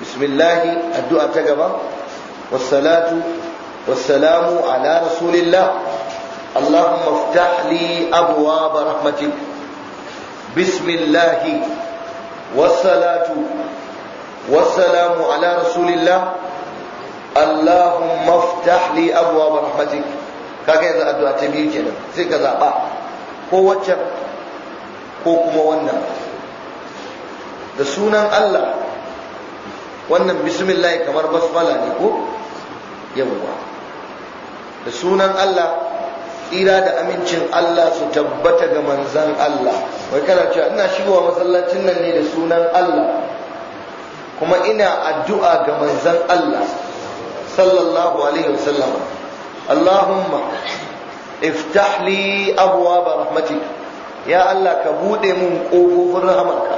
bismillahi addu'a ta gaba wassalatu wassalamu ala rasulillah اللهم افتح لي أبواب رحمتك بسم الله والصلاة والسلام على رسول الله اللهم افتح لي أبواب رحمتك yanzu addu'a ta biyu kenan sai zaɓa ko ko kuma wannan da sunan Allah wannan bismillah kamar basmala ne ko yawwa da sunan Allah tsira da amincin Allah su tabbata ga manzan Allah wai kana cewa ina shigowa masallacin nan ne da sunan Allah kuma ina addu'a ga manzan Allah sallallahu alaihi wasallam Allahumma iftah li abwaaba rahmatik ya Allah ka bude mun kofofin rahamarka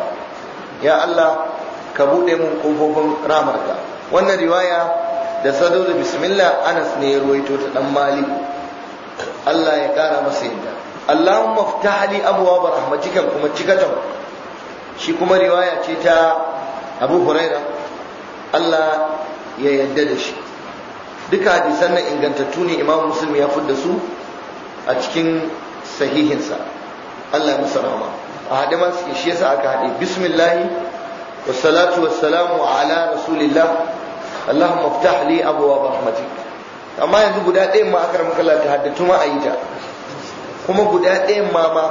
ya Allah ka buɗe mun kofofin ramarka. wannan riwaya da sadulu bismillah anas ne ya ruwaito ta dan mali Allah ya kara masa yadda Allahumma ftah li abwaab rahmatika kuma cikatan shi kuma riwaya ce ta Abu Huraira Allah ya yadda da shi duka hadisan nan ingantattu ne Imam Muslim ya fudda su a cikin sahihinsa Allah ya musa a haɗe shi yasa aka haɗe bismillahi والصلاة والسلام على رسول الله اللهم افتح لي أبواب رحمتك أما ينزل قد ما أكرمك الله تحدث ما أيجا kuma guda ɗayan ma ma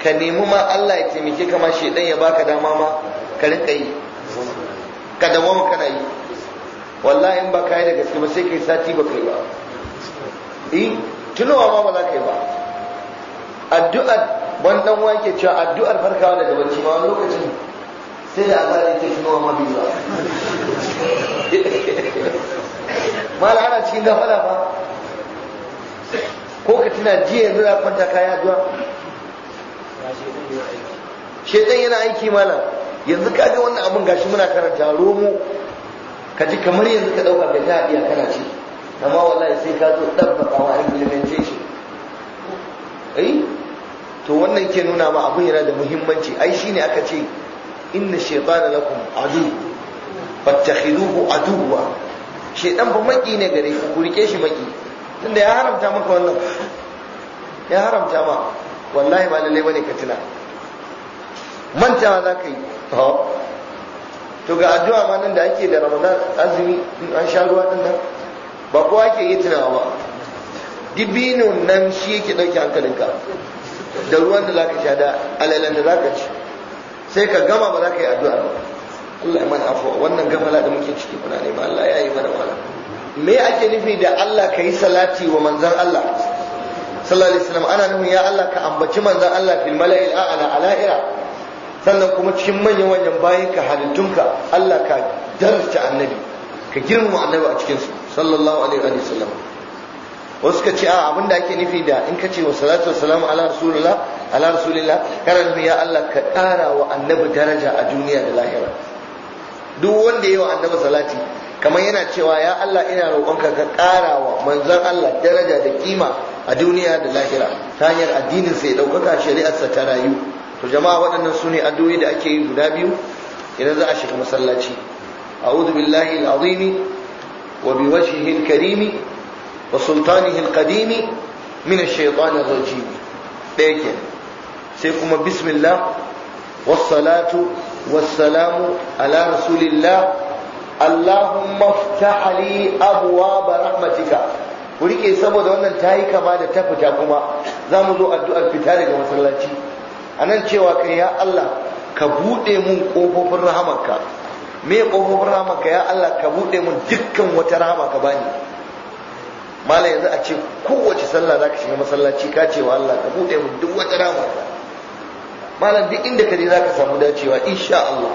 ka nemi ma Allah ya taimake ka ma shedan ya baka dama ma ka rinka yi ka dawo kana yi wallahi in ba ka yi da gaske ba sai kai sati ba kai ba eh tunawa ma ba za ba addu'ar ban dan wake cewa addu'ar farkawa daga bacci ma wani lokacin sai da da yake tuno ma biyu mala ana cikin gafala ba ko ka tuna jiya yanzu za kwanta kaya zuwa shedan yana aiki mala yanzu ka ga wannan abin gashi muna karanta romo ka ji kamar yanzu ka dauka ka ta biya kana ci amma wallahi sai ka zo dabbaka wa implementation eh to wannan ke nuna ma abin yana da muhimmanci ai shine aka ce inna shaytana lakum adu fattakhiduhu aduwa shaytan ba maki ne gare ku ku rike shi maki tunda ya haramta maka wannan ya haramta ma wallahi ba lalle bane ka tuna mantawa za ka yi to ga addu'a ma nan da ake da ramadan azumi an sha ruwa din nan ba kowa ke yi tunawa ba dibinun nan shi yake dauke hankalinka da ruwan da za ka sha da alalan da za ka ci sai ka gama ba za ka yi addu'a ba Allah ya mana afuwa wannan gamala da muke ciki ne nema Allah ya yi mana wala me ake nufi da Allah ka yi salati wa manzan Allah sallallahu alaihi wasallam ana nufin ya Allah ka ambaci manzan Allah fil mala'il a'la ala'ira sannan kuma cikin manyan wannan bayan ka halittunka Allah ka darasta annabi ka girma annabi a cikin su sallallahu alaihi wa sallam wasu ka ce a abinda ake nufi da in ka ce wa salatu wa salamu ala rasulullah ala rasulillah kana nufin ya Allah ka ƙara wa annabi daraja a duniya da lahira duk wanda yayi wa annabi salati kamar yana cewa ya Allah ina roƙonka ka kara wa manzon Allah daraja da kima a duniya da lahira ta hanyar addinin sa ya ɗaukaka shari'arsa ta rayu to jama'a waɗannan su ne addu'o'i da ake yi guda biyu idan za a shiga masallaci a'udhu billahi al-azimi wa bi wajhihi al-karimi wa sultanihi al min ash-shaytanir rajim sai kuma bismillah wassalatu wassalamu ala rasulillah Allahumma ftah li abwaaba rahmatika ku rike saboda wannan ta yi kama da ta fita kuma za mu zo addu'ar fita daga masallaci a nan cewa kai ya Allah ka buɗe mun ƙofofin rahamarka me ƙofofin rahamarka ya Allah ka buɗe mun dukkan wata rahama ka bani malam yanzu a ce kowace sallah za ka shiga masallaci ka ce wa Allah ka buɗe mun duk wata rahamarka malam duk inda ka je zaka samu dacewa insha Allah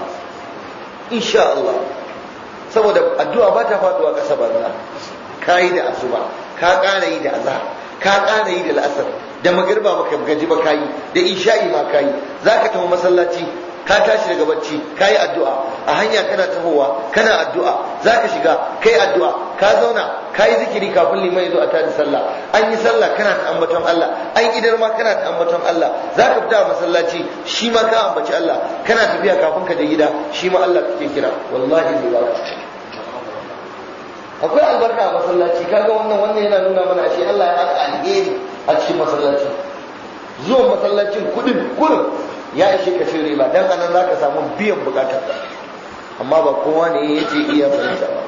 insha Allah saboda addu'a ba ta faduwa ƙasa banza ka yi da asuba ka ƙara yi da azhar ka ƙara yi da la'asar da magirba ka gaji ba yi, da insha'i ma Za zaka tafi masallaci ka tashi daga barci ka yi addu'a a hanya kana tahowa kana addu'a zaka shiga kai addu'a ka zauna ka yi zikiri kafin liman ya zo a tashi sallah an yi sallah kana ta ambaton Allah an idar ma kana ta ambaton Allah za ka fita a masallaci shi ma ka ambaci Allah kana tafiya kafin ka je gida shi ma Allah kake kira wallahi zai ba akwai albarka a masallaci kaga wannan wannan yana nuna mana shi. Allah ya haɗa alheri a cikin masallaci zuwan masallacin kudin kudin ya ishe ka cin riba dan anan za ka samu biyan bukatar amma ba kowa ne ya ce iya fahimta ba